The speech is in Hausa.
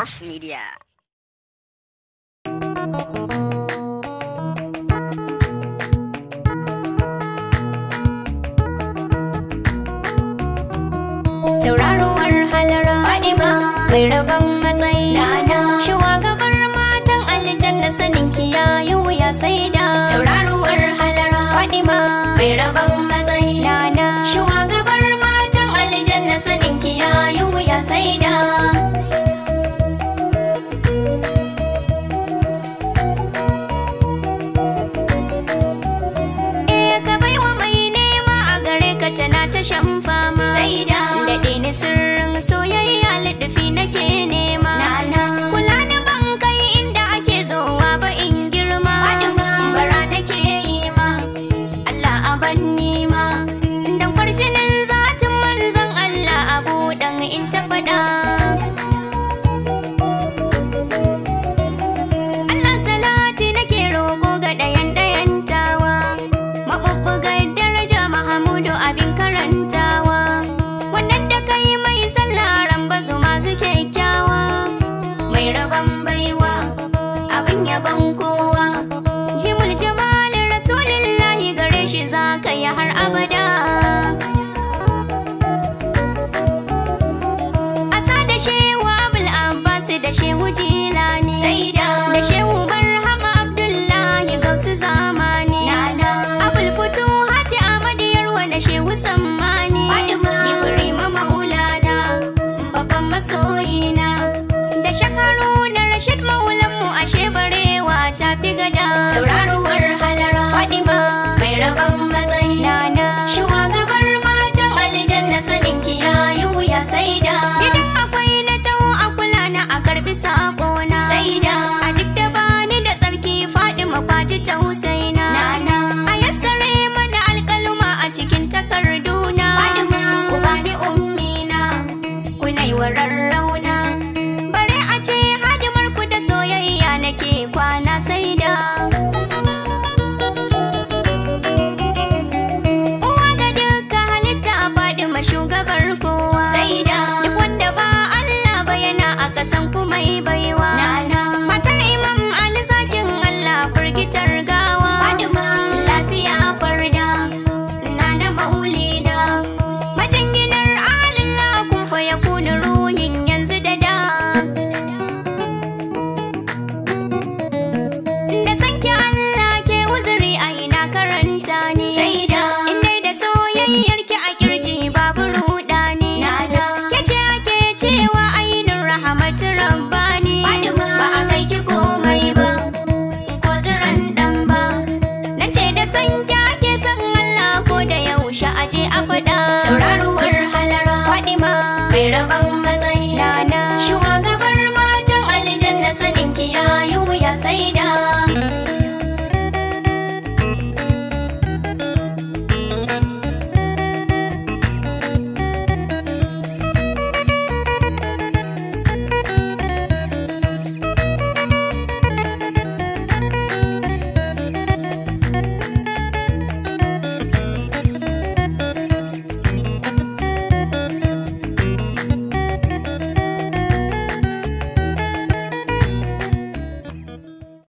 House Media. Tauraruwar halara Fa'ima ka tana ta shan fama sai da daɗe ne sirrin soyayya liɗafi nake nema na na. Raban rabon baiwa abin yaban kowa jimul jamalin rasulillahi gare shi za ka yi har abada A sa da shewa abul da shi ji shakaru na rashid maulanmu ashe barewa ta fi gada sauraruwar halara fadima mai rabon ka san kuma yi baiwa matar imam ali zakin allah firgitar gawa fadima lafiya farda na na maulida majanginar alillah kun ya kuna ruhin yanzu da da da sanki allah ke wuzuri a ina karanta ne sai da inda da soyayyarki a kirji babu ruɗa ne ke ce ake cewa Sorano.